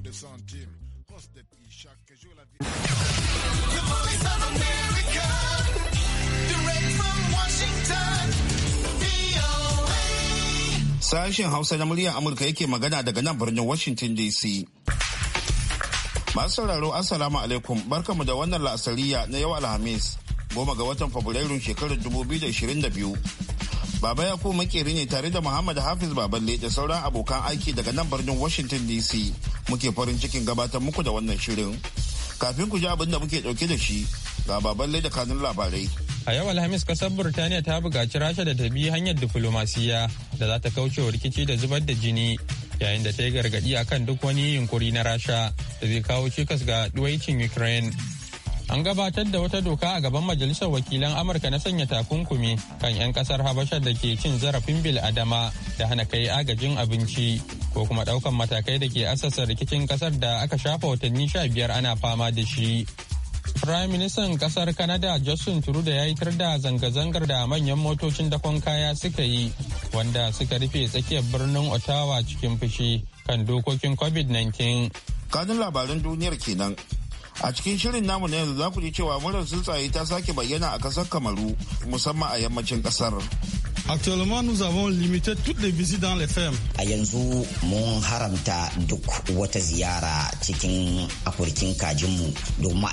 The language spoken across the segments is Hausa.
de chaque jour la vie. Sashen Hausa na muryar Amurka yake magana daga nan birnin Washington DC. Masu sauraro Assalamu alaikum barkamu da wannan la'asariya na yau Alhamis goma ga watan Fabrairu shekarar 2022. Baba Yakubu makeri ne tare da Muhammad Hafiz Baballe da sauran abokan aiki daga nan birnin Washington DC muke farin cikin gabatar muku da wannan shirin. Kafin ku ji abin da muke dauke da shi ga baban da kanun labarai. A yau Alhamis kasar Burtaniya ta buƙaci Rasha da ta bi hanyar diflomasiyya da za ta kauce wa rikici da zubar da jini yayin da ta yi gargaɗi kan duk wani yunkuri na Rasha da zai kawo cikas ga ɗuwaicin Ukraine. An gabatar da wata doka a gaban Majalisar Wakilan Amurka na sanya takunkumi kan 'yan kasar habasha da ke cin zarafin bil adama da hana kai agajin abinci. ko kuma daukan matakai da ke asasa rikicin kasar da aka shafa watanni sha biyar ana fama da shi. Prime Ministan kasar Canada Justin Trudeau ya yi da zanga-zangar da manyan motocin dakon kaya suka yi wanda suka rufe tsakiyar birnin Ottawa cikin fushi kan dokokin COVID-19. Kanun labaran duniyar kenan a cikin shirin namu na yanzu za ku ji cewa murar tsuntsaye ta sake bayyana a kasar kamaru musamman a yammacin kasar Actuellement, nous avons limité toutes les visites dans les fermes. A yanzu mun haramta duk wata ziyara cikin akurkin mu don mu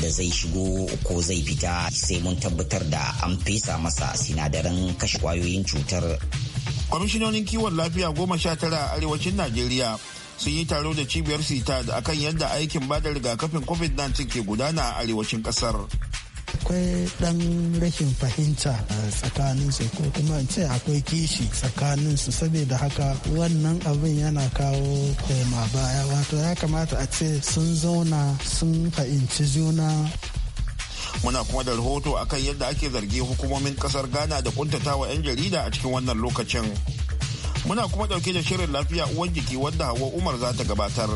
da zai shigo ko zai fita sai mun tabbatar da an fesa masa sinadaran kashe kwayoyin cutar. Kwamishinonin kiwon lafiya goma sha tara a arewacin Najeriya sun yi taro da cibiyar sita akan yadda aikin bada rigakafin COVID-19 ke gudana a arewacin kasar. akwai dan rashin fahimta tsakanin su ko kuma in ce akwai kishi tsakanin su saboda haka wannan abin yana kawo koma baya wato ya kamata a ce sun zauna sun fahimci juna muna kuma da rahoto akan yadda ake zargi hukumomin kasar ghana da kuntatawa 'yan jarida a cikin wannan lokacin muna kuma dauke da shirin lafiya uwar jiki wadda hawa umar za ta gabatar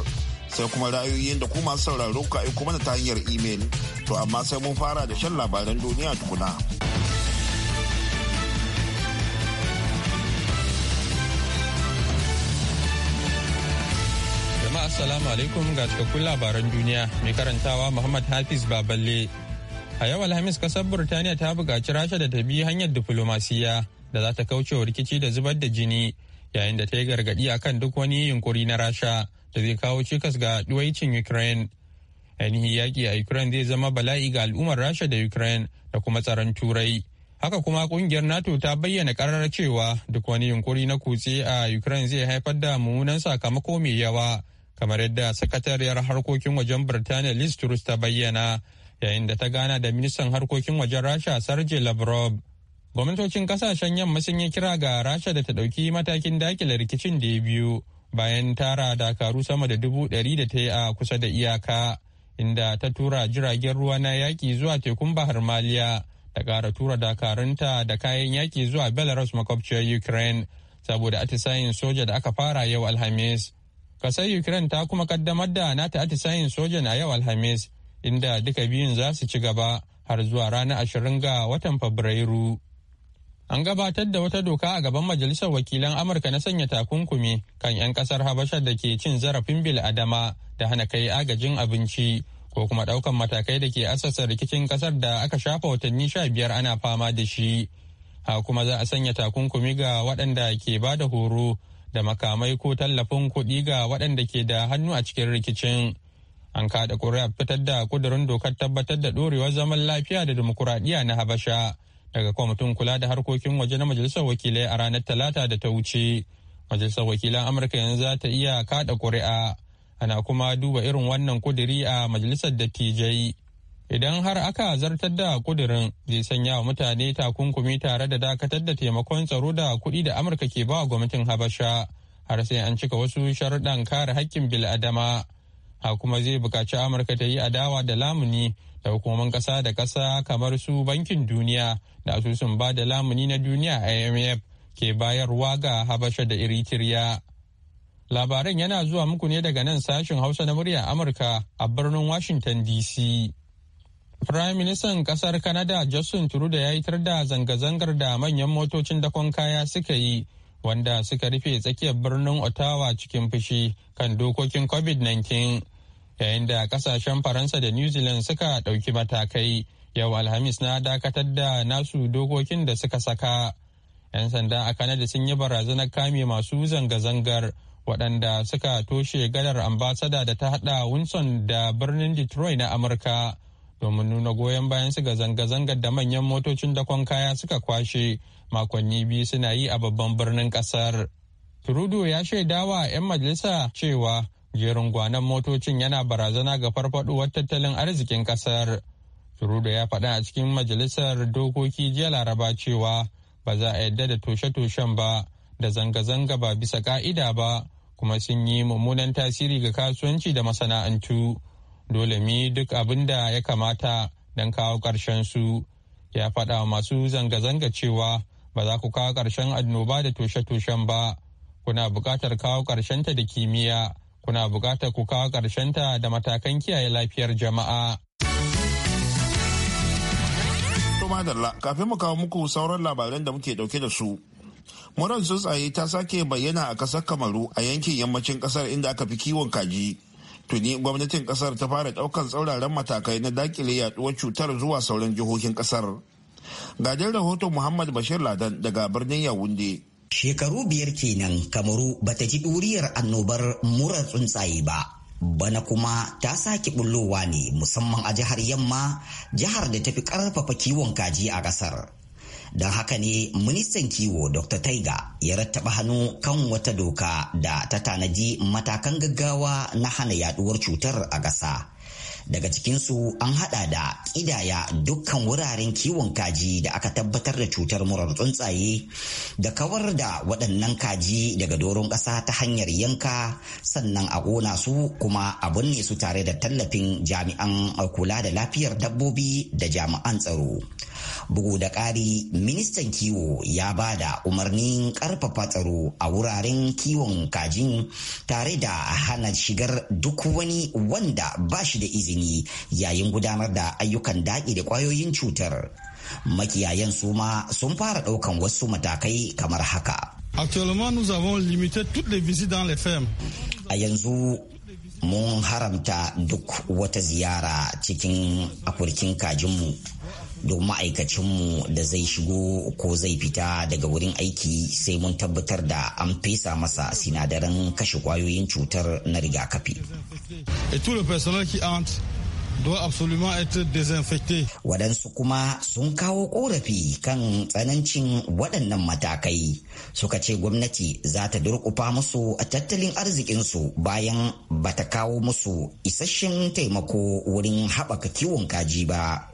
sai kuma ra'ayoyin da kuma sauraro ka aiko mana ta hanyar imel to amma sai mun fara da shan labaran duniya tukuna. jama'a assalamu alaikum ga cikakkun labaran duniya mai karantawa muhammad hafiz baballe a yau alhamis kasar burtaniya ta buƙaci rasha da ta bi hanyar diflomasiya da za ta kauce wa rikici da zubar da jini yayin da ta yi gargaɗi akan duk wani yunkuri na rasha da zai kawo cikas ga duwaicin Ukraine. Ainihin yaƙi a Ukraine zai zama bala'i ga al'ummar Rasha da Ukraine da kuma tsaron Turai. Haka kuma kungiyar NATO ta bayyana karar cewa duk wani yunkuri na kutse a Ukraine zai haifar da mummunan sakamako mai yawa, kamar yadda sakatariyar harkokin wajen Birtaniya Liz Truss ta bayyana yayin da ta gana da ministan harkokin wajen Rasha Sergei Lavrov. Gwamnatocin kasashen yamma sun yi kira ga Rasha da ta ɗauki matakin dakile rikicin da ya biyu bayan tara dakaru sama da dubu ɗari da ta yi a kusa da iyaka inda ta tura jiragen ruwa na yaƙi zuwa tekun bahar maliya da ƙara tura dakarunta da kayan yaƙi zuwa belarus makwabciyar ukraine saboda atisayin soja da aka fara yau alhamis kasar ukraine ta kuma kaddamar da nata atisayin sojan a yau alhamis inda duka biyun za su ci gaba har zuwa ranar ashirin ga watan fabrairu an gabatar da wata doka a gaban majalisar wakilan amurka na sanya takunkumi kan 'yan kasar habasha da ke cin zarafin bil adama da hana kai agajin abinci ko kuma daukan matakai da ke asasa rikicin kasar da aka shafa watanni sha biyar ana fama da shi ha kuma za a sanya takunkumi ga waɗanda ke ba da horo da makamai ko tallafin kuɗi ga waɗanda ke da hannu a cikin rikicin an kaɗa ƙuri'a fitar da ƙudurin dokar tabbatar da ɗorewar zaman lafiya da dimokuraɗiyya na habasha daga kwamitin kula da harkokin waje na majalisar wakilai a ranar talata da ta wuce majalisar wakilan amurka yanzu za ta iya kada kuri'a ana kuma duba irin wannan kuduri a majalisar dattijai idan har aka zartar da kudirin zai sanya wa mutane takunkumi tare da dakatar da taimakon tsaro da kuɗi da amurka ke ba gwamnatin habasha har sai an cika wasu sharuɗan kare haƙƙin bil'adama ha kuma zai buƙaci amurka ta yi adawa da lamuni da hukumomin kasa da kasa kamar su bankin duniya da asusun ba da lamuni na duniya imf ke bayarwa ga habasha da eritrea labaran yana zuwa muku ne daga nan sashen hausa na murya amurka a birnin washington dc Prime minister kasar Canada Justin Trudeau ya yi da zanga-zangar da manyan motocin dakon kaya suka yi wanda suka rufe tsakiyar birnin Ottawa cikin fushi kan dokokin COVID-19 yayin da kasashen faransa da new zealand suka ɗauki matakai yau alhamis na dakatar da nasu dokokin da suka saka 'yan sanda a kanada sun yi barazanar kame masu zanga-zangar waɗanda suka toshe gadar ambasada da ta hada winson da birnin detroit na amurka domin nuna goyon bayan su ga zanga-zangar da manyan motocin dakon kaya suka kwashe makonni biyu suna yi a babban birnin kasar. Trudeau ya shaidawa 'yan majalisa cewa jerin gwanon motocin yana barazana ga farfaɗowar tattalin arzikin ƙasar Trudeau ya faɗa a cikin majalisar dokoki jiya laraba cewa ba za a yadda da toshe-toshen ba da zanga-zanga ba bisa ka'ida ba kuma sun yi mummunan tasiri ga kasuwanci da masana'antu dole mi duk abin da ya kamata don kawo ƙarshen su ya faɗa masu zanga-zanga cewa ba za ku kawo ƙarshen annoba da toshe-toshen ba kuna buƙatar kawo ƙarshenta da kimiyya kuna buƙatar ku kawo ta da matakan kiyaye lafiyar jama'a. madalla kafin mu kawo muku sauran labaran da muke dauke da su murar tsuntsaye ta sake bayyana a ƙasar kamaru a yankin yammacin ƙasar inda aka fi kiwon kaji tuni gwamnatin ƙasar ta fara daukan tsauraran matakai na dakile yaduwar cutar zuwa sauran jihohin ƙasar. gadin rahoton muhammad bashir ladan daga birnin yawunde Shekaru biyar kenan Kamaru bata ji ɗuriyar annobar murar tsuntsaye ba. Bana kuma ta sake bullowa ne musamman a jihar Yamma, jihar da tafi ƙarfafa kiwon kaji a ƙasar. Don haka ne ministan kiwo Dr. Taiga ya rattaba hannu kan wata doka da ta tanaji matakan gaggawa na hana yaduwar cutar a ƙasa. daga cikin su an hada da kidaya dukkan wuraren kiwon kaji da aka tabbatar da cutar murar tsuntsaye da kawar da waɗannan kaji daga doron ƙasa ta hanyar yanka sannan a ƙona su kuma a binne su tare da tallafin jami'an kula da lafiyar dabbobi da jami'an tsaro. bugu da ƙari ministan kiwo ya ba da umarnin ƙarfafa tsaro a wuraren kiwon kajin tare da hana shigar duk wani wanda ba shi da izini yayin gudanar da ayyukan daƙi da ƙwayoyin cutar makiyayan su ma sun fara ɗaukan wasu matakai kamar haka Actuellement, nous avons limité toutes les visites A yanzu mun haramta duk wata ziyara cikin akurkin kajinmu don ma'aikacinmu da zai shigo ko zai fita daga wurin aiki sai mun tabbatar da an fesa masa sinadaran kashe kwayoyin cutar na rigakafi. Waɗansu kuma sun kawo ƙorafi kan tsanancin waɗannan matakai suka ce gwamnati za ta durƙufa musu a tattalin arzikinsu bayan ba ta kawo musu isasshen taimako wurin haɓaka kiwon kaji ba.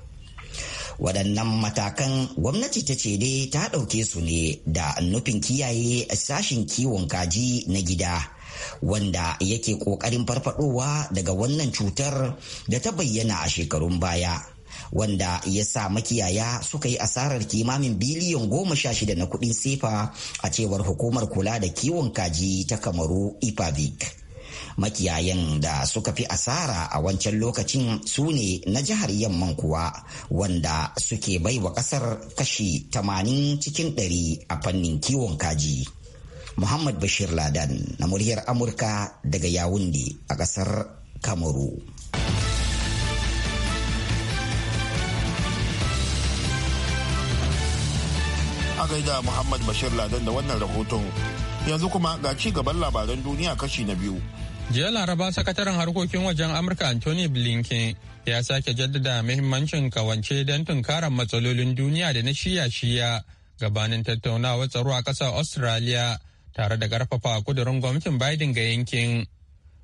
waɗannan matakan gwamnati ta ce dai ta ɗauke su ne da nufin kiyaye sashin kiwon kaji na gida wanda yake ƙoƙarin farfadowa daga wannan cutar da ta bayyana a shekarun baya wanda ya sa makiyaya suka yi asarar kimamin biliyan goma sha shida na kuɗin sefa a cewar hukumar kula da kiwon kaji ta kamaru ipavic makiyayan da suka fi asara a wancan lokacin su ne na jihar yamman kuwa wanda suke bai wa kasar kashi 80 cikin 100 a fannin kiwon kaji muhammad bashir ladan na muryar amurka daga yawundi a kasar kamaru a gaida muhammad bashir ladan da wannan rahoton yanzu kuma ga ci gaban labaran duniya kashi na biyu jiya laraba sakataren harkokin wajen amurka anthony blinken ya sake jaddada muhimmancin kawance don tunkarar matsalolin duniya da na shiya-shiya gabanin tattaunawar tsaro a ƙasar australia tare da ƙarfafa kudurin gwamnatin biden ga yankin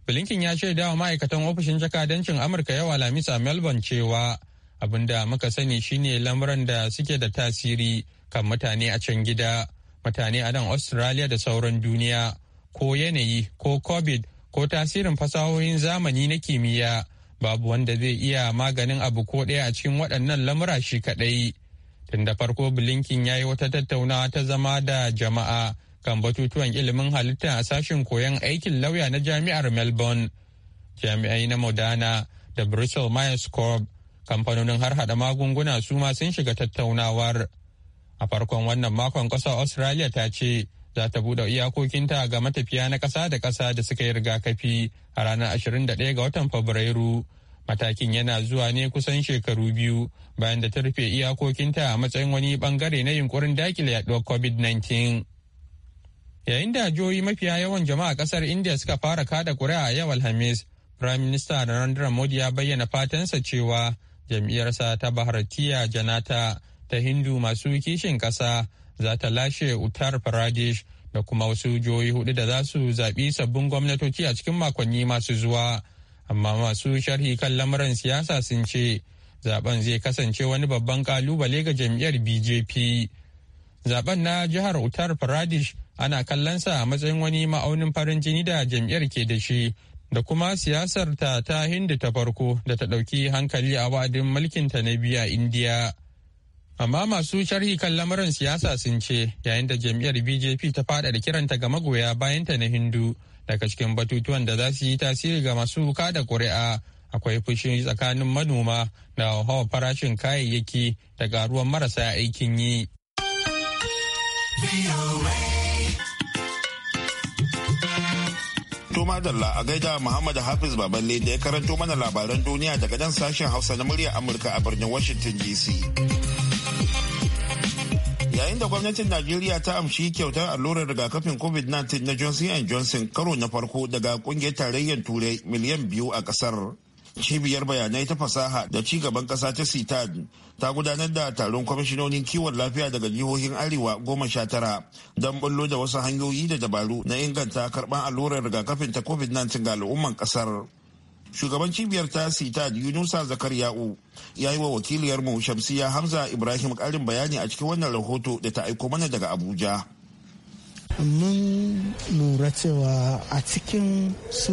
blinken ya shaida wa ma'aikatan ofishin jakadancin amurka yawa alhamis a melbourne cewa abin da muka sani shine lamuran da suke da tasiri kan mutane a can gida mutane a nan australia da sauran duniya ko yanayi ko covid ko tasirin fasahohin zamani na kimiyya babu wanda zai iya maganin abu ko ɗaya a cikin waɗannan lamura shi kaɗai. tunda farko Blinken ya yi wata tattaunawa ta zama da jama'a kan batutuwan ilimin halitta a sashen koyon aikin lauya na jami'ar Melbourne. Jami'ai na Modana da Bristol Myers Corp kamfanonin har hada magunguna su ma sun shiga tattaunawar. A farkon wannan makon ƙasa Australia ta ce za ta buɗe iyakokinta ga matafiya na ƙasa da ƙasa da suka yi rigakafi a ranar ashirin da ɗaya ga watan Fabrairu. Matakin yana zuwa ne kusan shekaru biyu bayan da ta rufe iyakokinta a matsayin wani ɓangare na yunkurin dakile yaduwar COVID-19. Yayin da jihohi mafiya yawan jama'a ƙasar India suka fara kada ƙuri'a yau Alhamis, Prime Minister Narendra Modi ya bayyana fatansa cewa jam'iyyarsa ta Bharatiya Janata ta Hindu masu kishin ƙasa za ta lashe uttar pradesh da kuma wasu jihohi hudu da za su zaɓi sabbin gwamnatoci a cikin makonni masu zuwa amma masu sharhi kan lamuran siyasa sun ce zaben zai kasance wani babban kalubale ga jam'iyyar bjp zaben na jihar uttar pradesh ana kallonsa a matsayin wani ma'aunin farin jini da jam'iyyar ke da shi da kuma siyasar ta ta hindu ta farko da ta ɗauki hankali a wa'adin mulkinta na biya indiya Amma masu sharhi kan lamarin siyasa sun ce yayin da jam'iyyar BJP ta fada da kiranta ga magoya bayanta na Hindu daga cikin batutuwan da za su yi tasiri ga masu wuka da ƙuri'a akwai fushi tsakanin manoma da hawa farashin kayayyaki da garuwan marasa aikin yi. Toma Dalla a gaida Muhammad Hafiz Baballe da ya karanto mana labaran duniya daga nan sashen Hausa na murya Amurka a birnin Washington DC. yayin da gwamnatin najeriya ta amshi kyautar allurar rigakafin covid-19 na johnson johnson karo na farko daga kungiyar tarayyar turai miliyan biyu a kasar cibiyar bayanai ta fasaha da ci gaban kasa ta sitad ta gudanar da taron kwamishinonin kiwon lafiya daga jihohin arewa goma sha tara don bullo da wasu hanyoyi da dabaru na inganta karban allurar rigakafin ta covid-19 ga al'umman kasar shugaban cibiyar tasi ta yunusa zakariya'u ya yi wa wakiliyarmu shamsiya hamza ibrahim karin bayani a cikin wannan rahoto da ta aiko mana daga abuja mun lura cewa a cikin su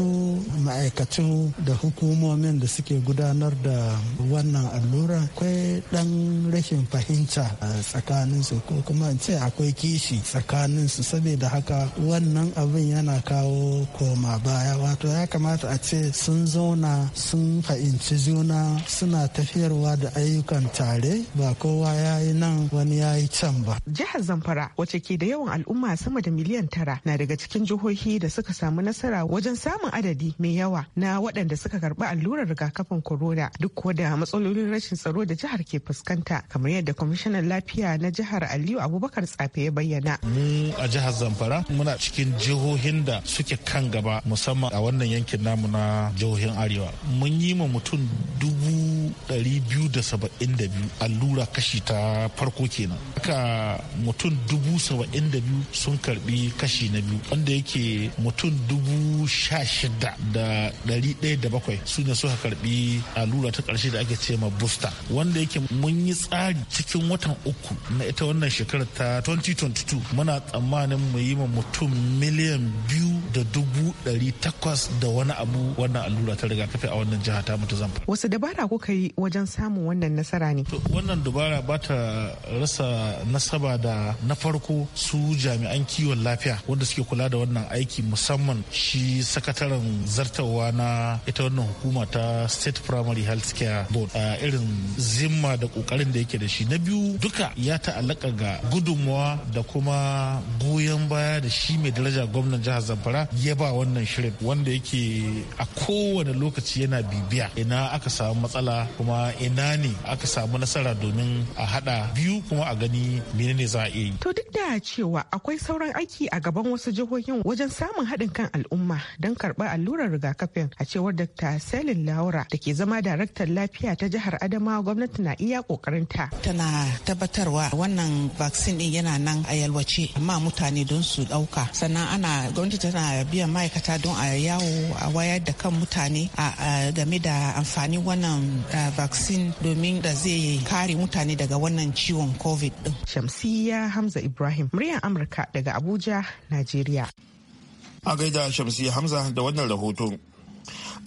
ma'aikatu da hukumomin da suke gudanar da wannan allura akwai dan rashin fahimta tsakanin su ko kuma ce akwai kishi tsakanin su saboda haka wannan abin yana kawo koma baya wato ya kamata a ce sun zauna sun fahimci juna suna tafiyarwa da ayyukan tare ba kowa ya yi nan wani ya yi can ba jihar zamfara wace ke da yawan al'umma sama da da miliyan tara na daga cikin jihohi da suka samu nasara wajen samun adadi mai yawa na waɗanda suka karɓi allurar rigakafin corona duk kuwa da matsalolin rashin tsaro da jihar ke fuskanta kamar yadda kwamishinan lafiya na jihar aliyu abubakar tsafe ya bayyana. mu a jihar zamfara muna cikin jihohin da suke kan gaba musamman a wannan yankin namu na jihohin arewa mun yi ma mutum dubu ɗari biyu da saba'in da biyu allura kashi ta farko kenan haka mutum dubu saba'in da biyu sun karɓi karbi kashi na biyu wanda yake mutum dubu sha shida da ɗari ɗaya da bakwai su ne suka karbi allura ta ƙarshe da ake ce ma booster wanda yake mun yi tsari cikin watan uku na ita wannan shekara ta 2022 muna tsammanin mu yi ma mutum miliyan biyu da dubu ɗari takwas da wani abu wannan allura ta rigakafi a wannan jiha ta mutu zamfara. Wasu dabara kuka yi wajen samun wannan nasara ne? Wannan dabara ba ta rasa nasaba da na farko su jami'an kiwo kiwon lafiya wanda suke kula da wannan aiki musamman shi sakataren zartawa na ita wannan hukuma ta state primary health care board a irin zimma da kokarin da yake da shi na biyu duka ya ta'allaka ga gudunmawa da kuma goyon baya da shi mai daraja gwamnan jihar zamfara ya ba wannan shirin wanda yake a kowane lokaci yana bibiya ina aka samu matsala kuma ina ne aka samu nasara domin a hada biyu kuma a gani menene za a yi to duk da cewa akwai sauran aiki a gaban wasu jihohin wajen samun haɗin kan al'umma don karɓar allurar rigakafin a cewar Dr. Selin Laura da ke zama daraktar lafiya ta jihar adama gwamnati na iya ƙoƙarinta. Tana tabbatarwa wannan vaccine ɗin yana nan a yalwace amma mutane don su ɗauka. Sannan ana gwamnati tana biyan ma'aikata don a yawo a wayar da kan mutane a game da amfanin wannan eh, vaccine domin da zai kare mutane daga wannan ciwon COVID ɗin. Shamsiya Hamza Ibrahim, muryar Amurka daga abu Abuja, Najeriya. A gaida Shamsi Hamza da wannan rahoton.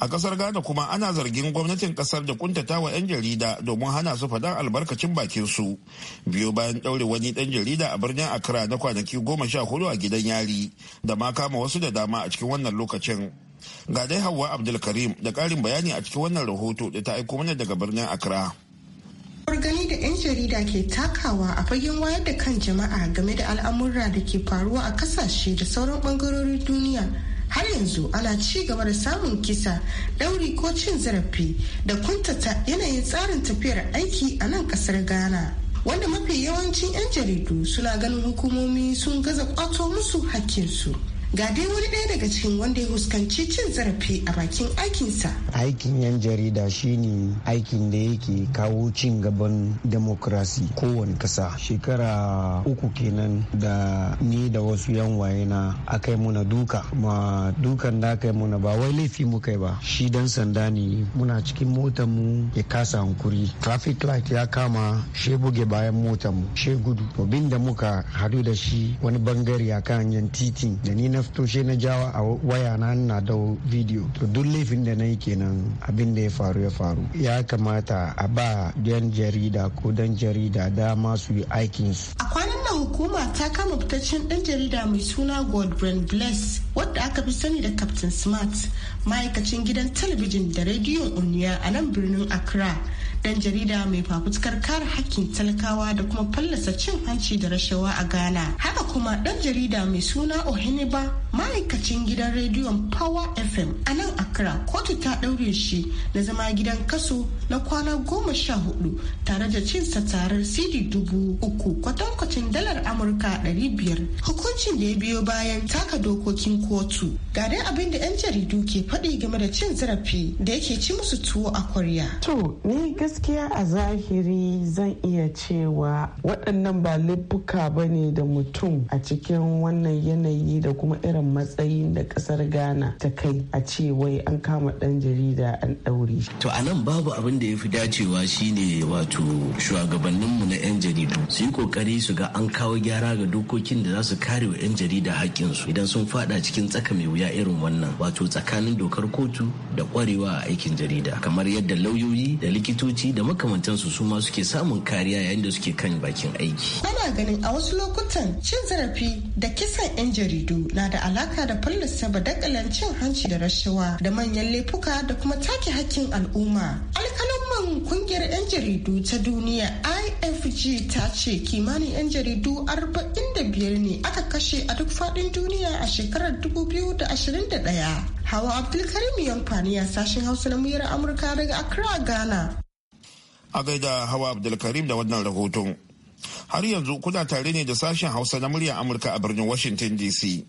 A kasar Ghana kuma ana zargin gwamnatin kasar da kuntata wa 'yan jarida domin hana su faɗan albarkacin bakin su. Biyo bayan ɗaure wani ɗan jarida a birnin Accra na kwanaki goma sha hudu a gidan yari da ma kama wasu da dama a cikin wannan lokacin. Ga dai Hauwa Abdulkarim da ƙarin bayani a cikin wannan rahoto da ta aiko mana daga birnin Accra. gani da 'yan jarida ke takawa a fagen wayar da kan jama'a game da al'amurra da ke faruwa a kasashe da sauran bangarorin duniya har yanzu ana ci gaba da samun kisa ɗauri ko cin zarafi da kuntata yanayin tsarin tafiyar aiki a nan ƙasar ghana wanda mafi yawancin 'yan jaridu suna ganin hukumomi sun gaza kwato musu hakkinsu. ga dai wani ɗaya daga cikin wanda ya huskanci cin zarafi a bakin aikinsa aikin yan jarida shine aikin da yake kawo cin gaban demokrasi kowane kasa shekara uku kenan da ni da wasu yan wayena akai muna duka ma dukan da aka yi muna ba wai laifi muka yi ba shi dan sanda ne muna cikin motar mu ya kasa hankuri traffic light ya kama she buge bayan motar mu she gudu to bin da muka hadu da shi wani bangare akan yan titin da ni na na na jawa a waya na na da video to duk laifin da na yi kenan abin da ya faru ya faru ya kamata a ba dan jarida ko dan jarida dama su yi aikin su a kwanan nan hukuma ta kama fitaccen dan jarida mai suna Godbrand Bless wadda aka fi sani da Captain Smart ma'aikacin gidan talabijin da rediyon Uniya a nan birnin Accra dan jarida mai fafutukar kare hakkin talakawa da kuma fallasa cin hanci da rashawa a ghana haka kuma dan jarida mai suna oheniba ma'aikacin gidan rediyon power fm a nan accra kotu ta ɗaure shi na zama gidan kaso na kwana goma sha hudu tare da cinsa tarar cd dubu uku kwatankwacin dalar amurka ɗari biyar hukuncin da ya biyo bayan taka dokokin kotu ga dai abin da 'yan jaridu ke faɗi game da cin zarafi da yake ci musu tuwo a kwarya. to ni gaskiya a zahiri zan iya cewa waɗannan ba laifuka ba ne da mutum a cikin wannan yanayi da kuma irin matsayin da ƙasar ghana ta kai a ce wai an kama ɗan jarida an ɗaure to a nan babu abin da ya fi dacewa shine wato shugabanninmu na 'yan jaridu su yi kokari su ga an kawo gyara ga dokokin da za su kare wa 'yan jarida haƙƙinsu idan sun faɗa cikin tsaka mai wuya irin wannan wato tsakanin dokar kotu da ƙwarewa a aikin jarida kamar yadda lauyoyi da likitoci da makamantansu su ma suke samun kariya yayin da suke kan bakin aiki. Ana ganin a wasu lokutan cin zarafi da kisan 'yan jaridu na da alaka da fallasa badakalan cin hanci da rashawa da manyan laifuka da kuma take hakkin al'umma. Alkalamman kungiyar 'yan jaridu ta duniya IFG ta ce kimanin 'yan jaridu 45 ne aka kashe a duk faɗin duniya a shekarar 2021. Hawa Abdulkarim Yanfani a sashen Hausa na muryar Amurka daga Accra, Ghana. a gaida hawa abdulkarim da wannan rahoton har yanzu kuna tare ne da sashen hausa na muryar amurka a birnin washington dc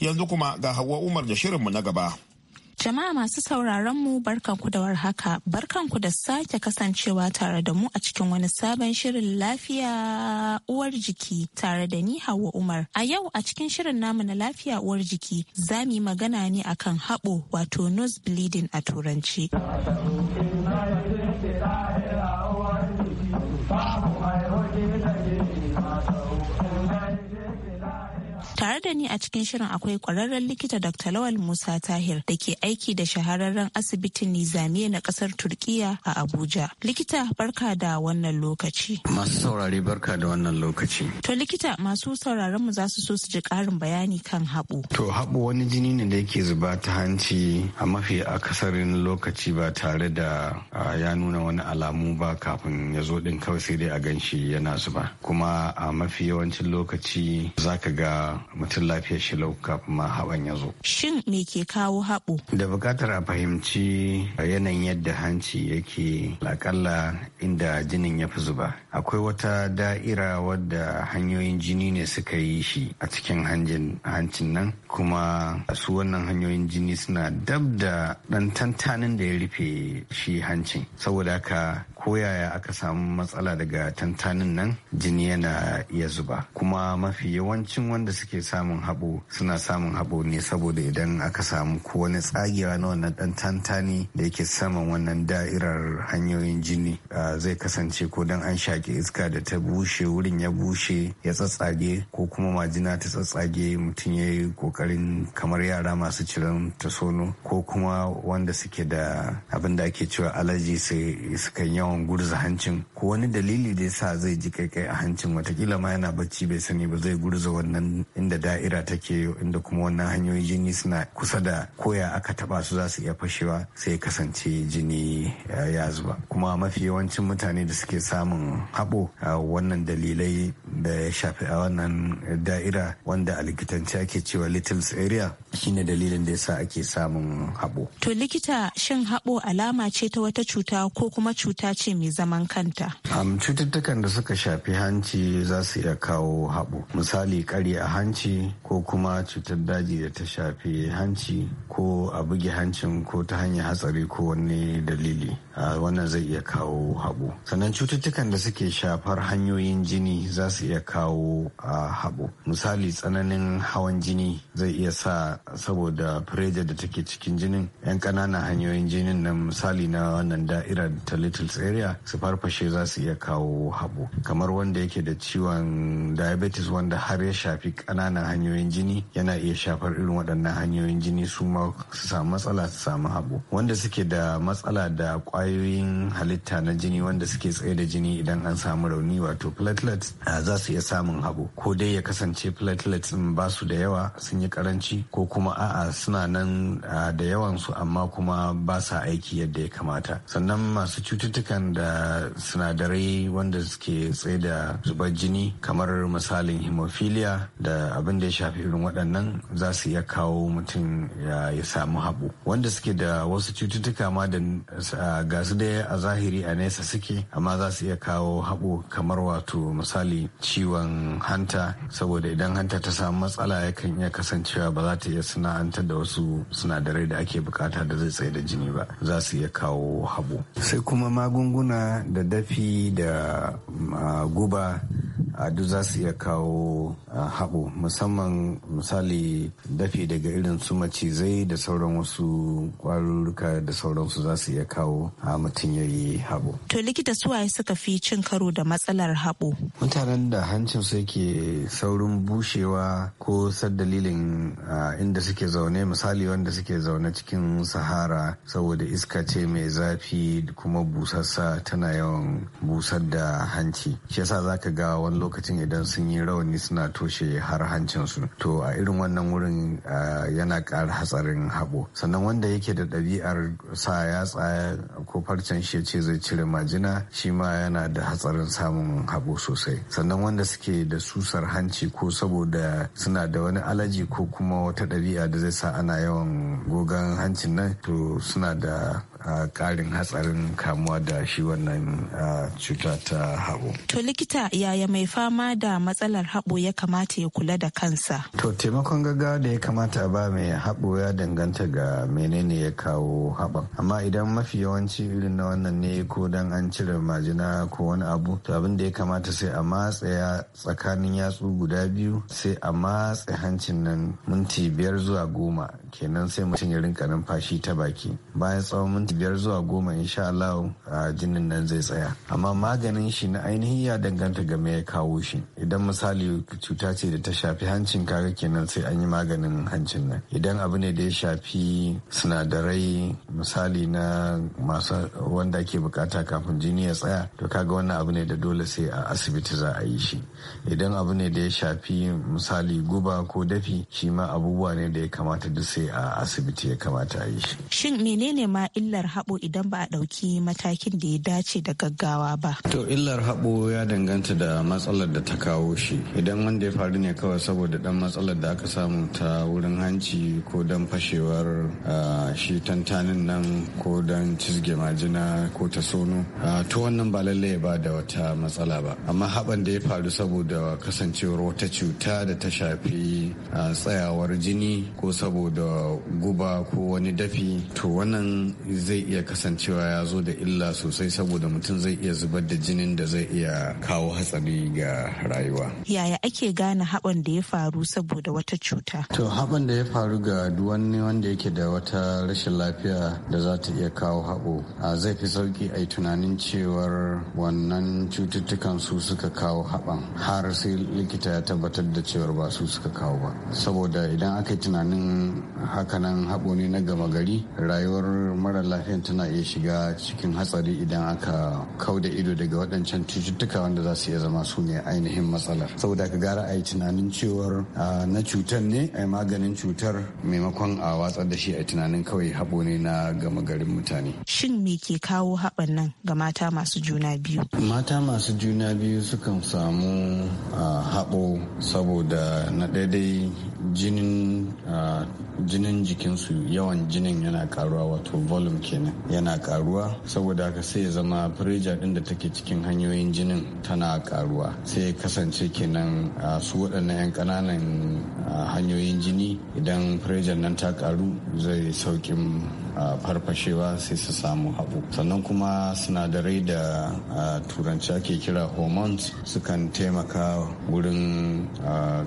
yanzu kuma ga hawa umar da shirinmu na gaba Jama'a masu sauraron mu barkanku da warhaka, barkanku da sake kasancewa tare da mu a cikin wani sabon shirin lafiya uwar jiki tare da ni hawa Umar. A yau a cikin shirin namu na lafiya uwar jiki za mu yi magana ne akan haɓo wato nose bleeding a turanci. Tare da ni a cikin shirin akwai kwararren likita Dr. Lawal Musa Tahir da ke aiki da shahararren asibitin Nizamiya na kasar Turkiya a Abuja. Likita barka da wannan lokaci. Masu saurare barka da wannan lokaci. To likita masu sauraron mu za su so su ji ƙarin bayani kan haɓu. To haɓu wani jini ne da yake zuba ta hanci a mafi akasarin lokaci ba tare da ya nuna wani alamu ba kafin ya zo ɗin kawai sai dai a ganshi yana zuba. Kuma a mafi yawancin lokaci za ka ga mutum lafiyar shi lau kafin ma haɓan ya zo. Shin me ke kawo haɓo? Da buƙatar a fahimci yanayin yadda hanci yake lakalla inda jinin ya fi zuba. Akwai wata da'ira wadda hanyoyin jini ne suka yi shi a cikin hancin nan kuma su wannan hanyoyin jini suna dab da ɗan tantanin da ya rufe shi hancin. Saboda haka koyaya aka samu matsala daga tantanin nan jini yana iya zuba. Kuma mafi yawancin wanda suke samun haɓo suna samun haɓo ne saboda idan aka samu ko wani tsagewa na wannan ɗan tantani da yake saman wannan da'irar hanyoyin jini zai kasance ko dan an shaƙi iska da ta bushe wurin ya bushe ya tsatsage ko kuma majina ta tsatsage mutum ya yi ƙoƙarin kamar yara masu ciran ta sono ko kuma wanda suke da abin da ake cewa alaji sukan yawan gurza hancin ko wani dalili da yasa zai ji kai kai a hancin watakila ma yana bacci bai sani ba zai gurza wannan inda inda da'ira take inda kuma wannan hanyoyin jini suna kusa da koya aka taba su za su iya fashewa sai kasance jini eh, ya zuba kuma mafi yawancin mutane da suke samun haɓo ah, wannan dalilai da ya shafi a wannan da'ira wanda a likitance ake cewa littles area shine dalilin da yasa ake samun haɓo. To likita shin haɓo alama ce ta wata cuta ko kuma cuta ce mai zaman kanta? Um, cututtukan da suka shafi hanci za su iya kawo haɓo. Misali ƙari a hanci ko kuma cutar daji da ta shafi hanci ko a buge hancin ko ta hanyar hatsari ko wani dalili. wannan zai iya kawo haɓo sannan cututtukan da suke shafar hanyoyin jini za su iya kawo a haɓo misali tsananin hawan jini zai iya sa saboda pressure da take cikin jinin 'yan ƙananan hanyoyin jinin na misali na wannan da'ira ta little area su farfashe za su iya kawo haɓo kamar wanda yake da ciwon diabetes wanda har ya shafi ƙananan hanyoyin jini yana iya shafar irin waɗannan hanyoyin jini su ma su samu matsala su samu haɓo wanda suke da matsala da kwayoyin halitta na jini wanda suke tsaye da jini idan an samu rauni wato platelets ah, za su iya samun haɓo ko dai ya kasance platelets in ba su da yawa sun yi karanci ko kuma a'a suna nan ah, da yawan su amma kuma ba sa aiki yadda ya kamata sannan masu cututtukan da sinadarai wanda suke tsaye da zubar jini kamar misalin hemophilia da abin da ya shafi irin waɗannan za su iya kawo mutum ya samu habu wanda suke da wasu cututtuka ma da ah, ga su dai a zahiri a nesa suke amma za su iya kawo haɓo kamar wato misali ciwon hanta saboda idan hanta ta samu matsala yakan iya kasancewa ba za ta iya sana'antar da wasu sinadarai da ake bukata da zai tsaye da jini ba za su iya kawo haɓo sai kuma magunguna da dafi da ah, guba duk za su iya kawo haɓo musamman misali dafi daga irin su macizai da sauran wasu kwarurruka da sauransu za su iya kawo a mutum ya yi haɓo. To likita suwaye suka fi cin karo da matsalar haɓo? Mutanen da hancin su yake saurin bushewa ko sad dalilin inda suke zaune misali wanda suke zaune cikin sahara saboda iska ce mai zafi kuma busassa tana yawan busar da hanci. Shi yasa za ka ga wani lokacin idan sun yi rauni suna toshe har hancinsu to a irin wannan wurin yana ƙara hatsarin haɓo sannan wanda yake da ɗabi'ar sa ya tsaya ko farcen shi ce zai cire majina shi ma yana da hatsarin samun haɓo sosai sannan wanda suke da susar hanci ko saboda suna da wani alaji ko kuma wata ɗabi'a da zai sa ana yawan gogan hancin nan to suna da a Ƙarin hatsarin kamuwa da shi wannan cuta ta haɓo. To likita yaya mai fama da matsalar haɓo ya kamata ya kula da kansa? To taimakon gaggawa da ya kamata ba mai haɓo ya danganta ga menene ya kawo haɓon. Amma idan mafi yawanci irin na wannan ne ko dan an cire majina ko wani abu to abin da ya kamata sai a ya tsakanin yatsu guda biyu sai a matse hancin nan minti biyar zuwa goma kenan sai mutum ya rinka numfashi ta baki bayan tsawon minti biyar zuwa goma insha Allah jinin nan zai tsaya amma maganin shi na ainihin ya danganta game ya kawo shi idan misali cuta ce da ta shafi hancin kaga kenan sai an yi maganin hancin nan idan abu ne da ya shafi sinadarai misali na masu wanda ke bukata kafin jini ya tsaya to kaga wannan abu ne da dole sai a asibiti za a yi shi idan abu ne da ya shafi misali guba ko dafi shi ma abubuwa ne da ya kamata duk sai a asibiti ya kamata a yi shi. Shin menene ma illar haɓo idan ba a ɗauki matakin da ya dace da gaggawa ba? To illar haɓo ya danganta da matsalar da ta kawo shi. Idan wanda ya faru ne kawai saboda ɗan matsalar da aka samu ta wurin hanci ko dan fashewar shi tantanin nan ko dan cizge majina ko ta sono. To wannan ba lallai ba da wata matsala ba. Amma haɓan da ya faru saboda saboda kasancewar wata cuta da ta shafi tsayawar jini ko saboda guba ko wani dafi to wannan zai iya kasancewa ya zo da illa sosai saboda mutum zai iya zubar da jinin da zai iya kawo hatsari ga rayuwa yaya ake gane haɓan da ya faru saboda wata cuta to haɓan da ya faru ga wani wanda yake da wata rashin lafiya da za ta iya kawo haɓo zai fi sauki a yi tunanin cewar wannan cututtukan su suka kawo haɓan har sai likita ya tabbatar da cewar ba su suka kawo ba saboda idan aka yi tunanin hakanan haɓo ne na gama gari rayuwar mara lafiyan tana iya shiga cikin hatsari idan aka kau da ido daga waɗancan cututtuka wanda za su iya zama su ne ainihin matsalar saboda ka gara a yi tunanin cewar na cutar ne a maganin cutar maimakon a watsar da shi a tunanin kawai haɓo na gama garin mutane shin me ke kawo haɓan nan ga mata masu juna biyu mata masu juna biyu sukan samu a haɓo saboda na daidai jinin jinin jikinsu yawan jinin yana karuwa wato volume kenan yana karuwa saboda haka sai ya zama firija ɗin da take cikin hanyoyin jinin tana karuwa sai kasance kenan su waɗannan 'yan ƙananan hanyoyin jini idan pressure nan ta karu zai sauƙin. farfashewa sai su samu haɓu sannan kuma sinadarai da turanci ake kira hormones sukan taimaka wurin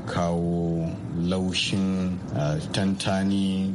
kawo laushin tantani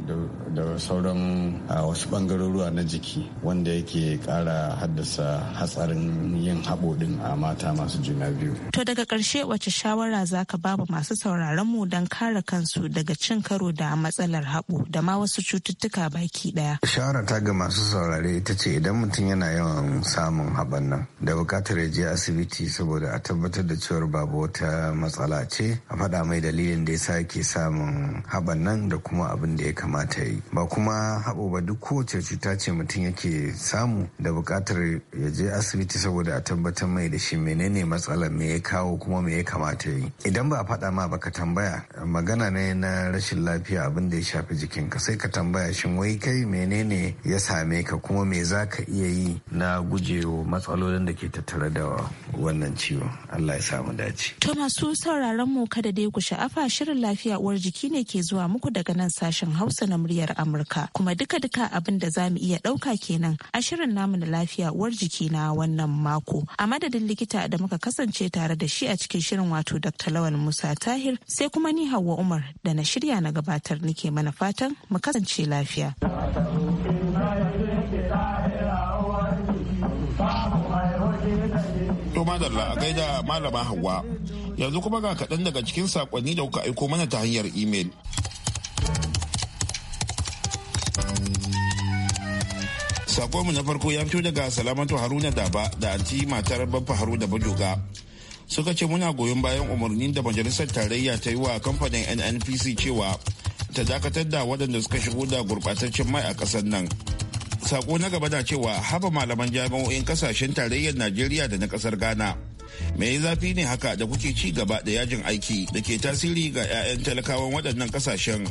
da sauran wasu bangaruruwa na jiki wanda yake kara haddasa hatsarin yin haɓoɗin a mata masu juna biyu. To daga ƙarshe wace shawara za ka babu masu sauraron mu don kare kansu daga cin karo da matsalar haɓo da ma wasu cututtuka baki ɗaya. Shawara ta ga masu saurare ita ce idan mutum yana yawan samun haɓan nan da buƙatar ya je asibiti saboda a tabbatar da cewar babu wata matsala ce a faɗa mai dalilin da ya sa ke samun haɓan nan da kuma abin da ya kamata yi. ba kuma haɓo ba duk kowace cuta ce mutum yake samu da buƙatar ya je asibiti saboda a tabbatar mai da shi menene matsalar me ya kawo kuma me ya kamata yi idan ba a faɗa ma ba ka tambaya magana ne na rashin lafiya abin da ya shafi jikin ka sai ka tambaya shin wai kai menene ya same ka kuma me za ka iya yi na gujewa matsalolin da ke tattare da wannan ciwo Allah ya samu dace to masu sauraron mu kada dai ku sha'afa shirin lafiya uwar jiki ne ke zuwa muku daga nan sashen Hausa na muryar kasar Amurka. Kuma duka-duka abin da za mu iya ɗauka kenan a shirin namu na lafiya uwar jiki na wannan mako. A madadin likita da muka kasance tare da shi a cikin shirin wato Dr. Lawal Musa Tahir sai kuma ni Hauwa Umar da na shirya na gabatar nike mana fatan mu kasance lafiya. To madalla a gaida malama Hauwa yanzu kuma ga kaɗan daga cikin saƙonni da kuka aiko mana ta hanyar imel. mu na farko ya fito daga salamatu haruna daba da anti matar babba haru da bajoga suka ce muna goyon bayan umarnin da majalisar tarayya ta yi wa kamfanin nnpc cewa ta dakatar da waɗanda suka shigo da gurɓataccen mai a ƙasar nan sako na gaba da cewa haba malaman jami'o'in kasashen tarayyar najeriya da na ƙasar ghana mai zafi ne haka da kuke ci gaba da yajin aiki da ke tasiri ga 'ya'yan talakawan waɗannan ƙasashen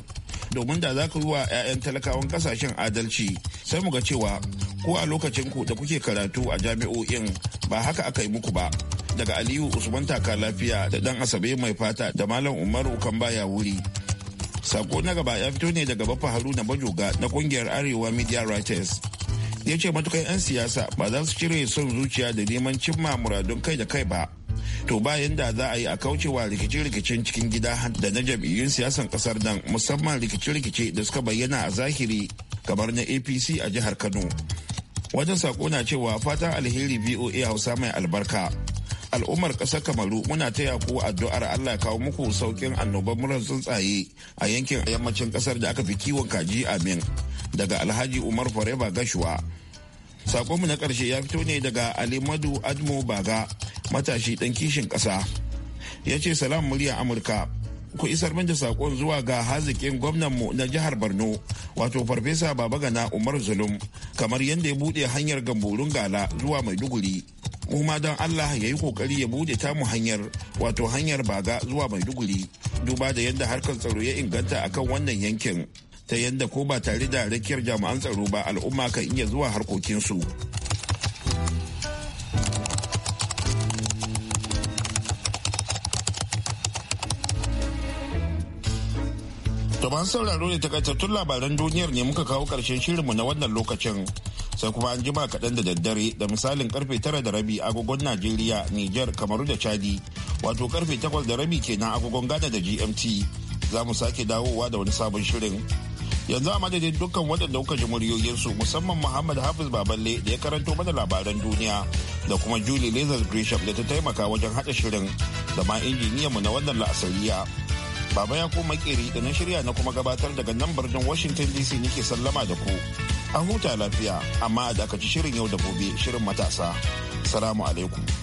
domin da za ku yi wa 'ya'yan talakawan kasashen adalci sai mu ga cewa ko a lokacin ku da kuke karatu a jami'o'in ba haka aka yi muku ba daga aliyu usman taka lafiya da dan asabe mai fata da malam umaru kan baya wuri sako na gaba ya fito ne daga bafa haruna bajoga na kungiyar arewa media writers ya ce matukan 'yan siyasa ba za su cire son zuciya da neman cimma muradun kai da kai ba to bayan da za a yi a kaucewa rikice-rikicen cikin gida da na jam'iyyun siyasan kasar nan musamman rikice-rikice da suka bayyana a zahiri kamar na apc a jihar kano wajen sako na cewa fatan alheri voa hausa mai albarka al'ummar ƙasar kamaru muna taya yaku addu'ar allah kawo muku saukin annobar murar tsuntsaye a yankin yammacin ƙasar da aka fi kiwon kaji amin daga alhaji umar fareba gashuwa Sakonmu na ƙarshe ya fito ne daga Alimadu Admo Baga, matashi ɗan kishin ƙasa. Ya ce salam murya Amurka. Ku isar min da sakon zuwa ga haziƙin gwamnanmu na jihar Borno, wato Farfesa Babagana Umar Zulum, kamar yadda ya buɗe hanyar gamburun gala zuwa mai duguri kuma don Allah ya yi ƙoƙari ya bude tamu hanyar wato hanyar baga zuwa mai duguri duba da yadda harkar tsaro ya inganta akan wannan yankin. ta yadda ko ba tare da rakiyar jami'an tsaro ba al'umma kan iya zuwa harkokinsu. Domin sauraro da takaitattun labaran duniyar ne muka kawo ƙarshen shirinmu na wannan lokacin. sai kuma an jima kaɗan da daddare da misalin karfe tara da rabi agogon najeriya niger kamaru da chadi wato karfe takwas da rabi kenan agogon ghana da gmt za mu sake dawowa da wani sabon shirin yanzu a madadin dukkan waɗanda kuka ji muryoyinsu musamman muhammad hafiz baballe da ya karanto mana labaran duniya da kuma julie lazar grisham da ta taimaka wajen haɗa shirin da ma mu na wannan la'asariya baba ya kuma makeri da na shirya na kuma gabatar daga nan birnin washington dc nake sallama da ku an huta lafiya amma a dakaci shirin yau da gobe shirin matasa salamu alaikum